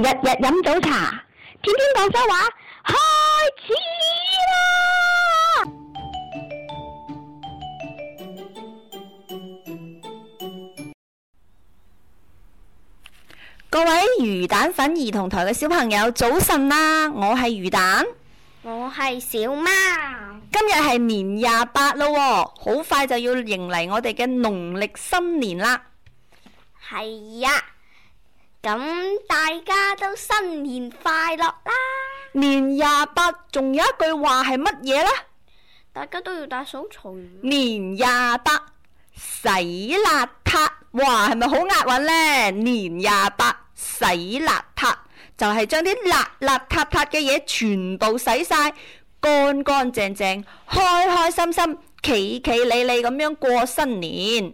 日日飲早茶，天天講廣州話，開始啦！各位魚蛋粉兒童台嘅小朋友，早晨啦！我係魚蛋，我係小貓。今日係年廿八嘞，好快就要迎嚟我哋嘅農曆新年啦！係呀！咁大家都新年快樂啦！年廿八仲有一句話係乜嘢呢？大家都要大掃除。年廿八洗邋遢，哇，係咪好押韻呢？年廿八洗邋遢，就係將啲邋邋遢遢嘅嘢全部洗晒，乾乾淨淨，開開心心，企企理理咁樣過新年。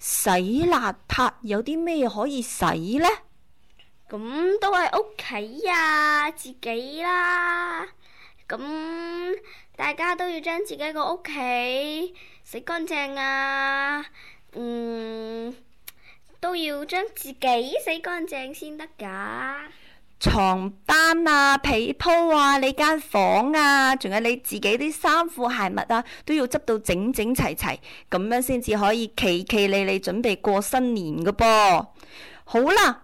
洗邋遢有啲咩可以洗呢？咁都係屋企呀，自己啦。咁大家都要將自己個屋企洗乾淨啊。嗯，都要將自己洗乾淨先得噶。床單啊、被鋪啊、你間房啊，仲有你自己啲衫褲鞋襪啊，都要執到整整齊齊，咁樣先至可以企企理理準備過新年噶噃。好啦。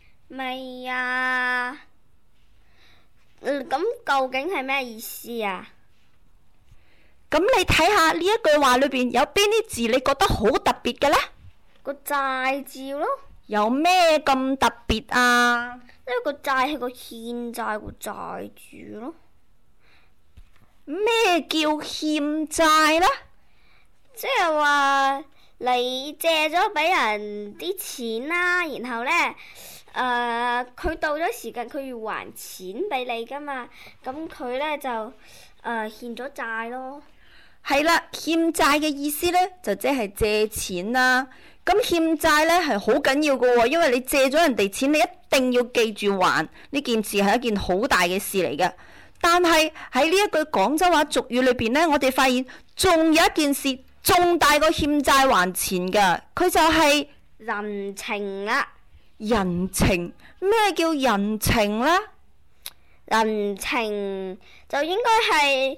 咪呀，咁、啊嗯、究竟係咩意思啊？咁你睇下呢一句話裏邊有邊啲字，你覺得好特別嘅呢？個債字咯。有咩咁特別啊？因為個債係個欠債個債主咯。咩叫欠債呢？即係話你借咗俾人啲錢啦，然後呢。誒，佢、uh, 到咗時間，佢要還錢俾你噶嘛？咁佢呢，就誒欠咗債咯。係啦，欠債嘅意思呢，就即係借錢啦、啊。咁欠債呢，係好緊要噶、哦，因為你借咗人哋錢，你一定要記住還。呢件事係一件好大嘅事嚟嘅。但係喺呢一句廣州話俗語裏邊呢，我哋發現仲有一件事，仲大過欠債還錢噶。佢就係、是、人情啦、啊。人情，咩叫人情咧？人情就應該係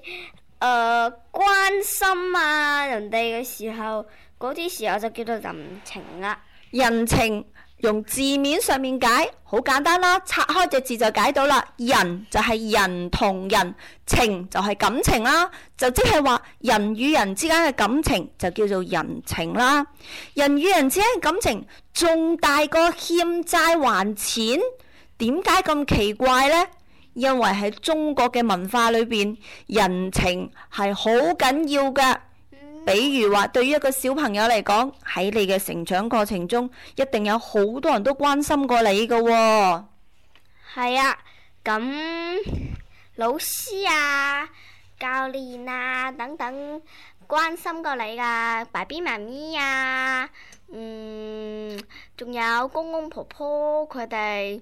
誒關心啊人哋嘅時候，嗰啲時候就叫做人情啦、啊。人情。用字面上面解，好簡單啦，拆開隻字就解到啦。人就係人同人情就係感情啦，就即係話人與人之間嘅感情就叫做人情啦。人與人之間嘅感情仲大過欠債還錢，點解咁奇怪呢？因為喺中國嘅文化裏邊，人情係好緊要噶。比如話，對於一個小朋友嚟講，喺你嘅成長過程中，一定有好多人都關心過你噶喎、哦。係啊，咁老師啊、教練啊等等，關心過你噶爸 B 媽咪啊，嗯，仲有公公婆婆，婆，佢、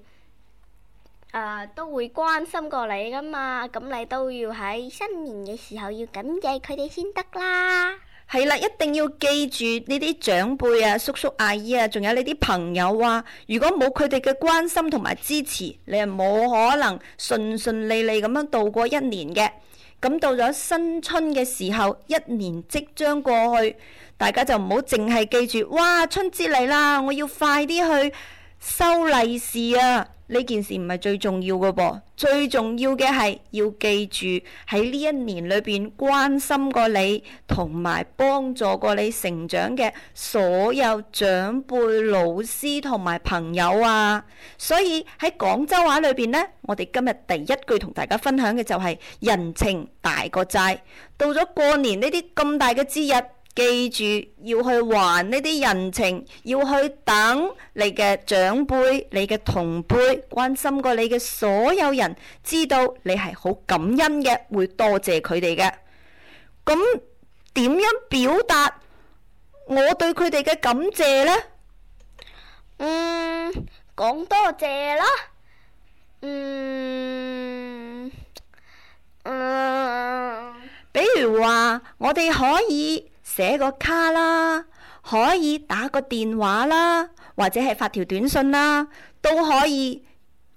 啊、哋都會關心過你噶嘛。咁你都要喺新年嘅時候要感謝佢哋先得啦。係啦，一定要記住呢啲長輩啊、叔叔阿姨啊，仲有你啲朋友啊。如果冇佢哋嘅關心同埋支持，你係冇可能順順利利咁樣度過一年嘅。咁到咗新春嘅時候，一年即將過去，大家就唔好淨係記住，哇！春節嚟啦，我要快啲去收利是啊！呢件事唔係最重要嘅噃，最重要嘅係要記住喺呢一年裏邊關心過你同埋幫助過你成長嘅所有長輩、老師同埋朋友啊。所以喺廣州話裏邊呢，我哋今日第一句同大家分享嘅就係人情大過債。到咗過年呢啲咁大嘅節日，記住要去還呢啲人情，要去等你嘅長輩、你嘅同輩關心過你嘅所有人，知道你係好感恩嘅，會多謝佢哋嘅。咁點樣表達我對佢哋嘅感謝呢？嗯，講多謝啦。嗯，嗯，比如話我哋可以。寫個卡啦，可以打個電話啦，或者係發條短信啦，都可以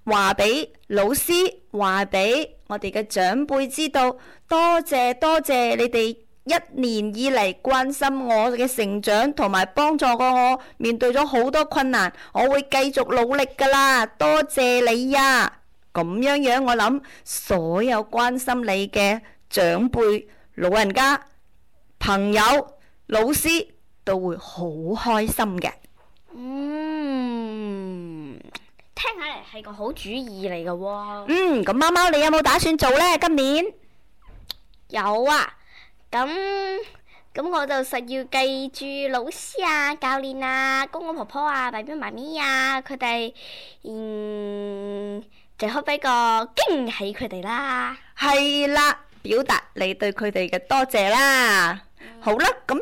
話俾老師話俾我哋嘅長輩知道。多謝多謝你哋一年以嚟關心我嘅成長同埋幫助過我，面對咗好多困難，我會繼續努力噶啦。多謝你呀！咁樣樣我諗，所有關心你嘅長輩老人家。朋友、老師都會好開心嘅。嗯，聽起嚟係個好主意嚟嘅喎。嗯，咁貓貓你有冇打算做呢？今年有啊。咁咁我就實要記住老師啊、教練啊、公公婆婆啊、爸爸媽咪啊，佢哋，嗯，就好俾個驚喜佢哋啦。係啦。表達你對佢哋嘅多謝啦，嗯、好啦，咁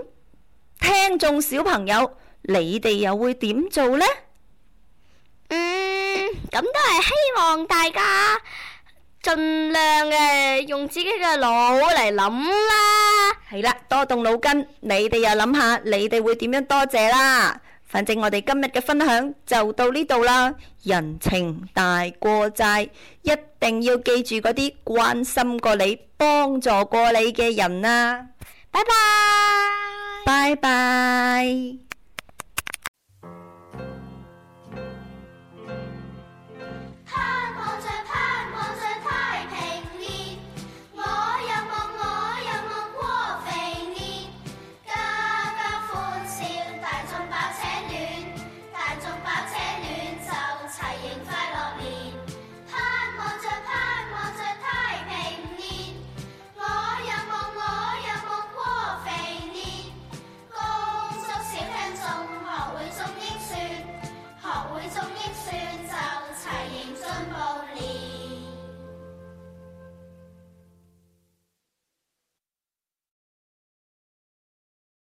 聽眾小朋友，你哋又會點做呢？嗯，咁都係希望大家盡量嘅用自己嘅腦嚟諗啦。係啦，多動腦筋，你哋又諗下，你哋會點樣多謝啦？反正我哋今日嘅分享就到呢度啦，人情大過債，一定要記住嗰啲關心過你、幫助過過你嘅人啊！拜拜，拜拜。拜拜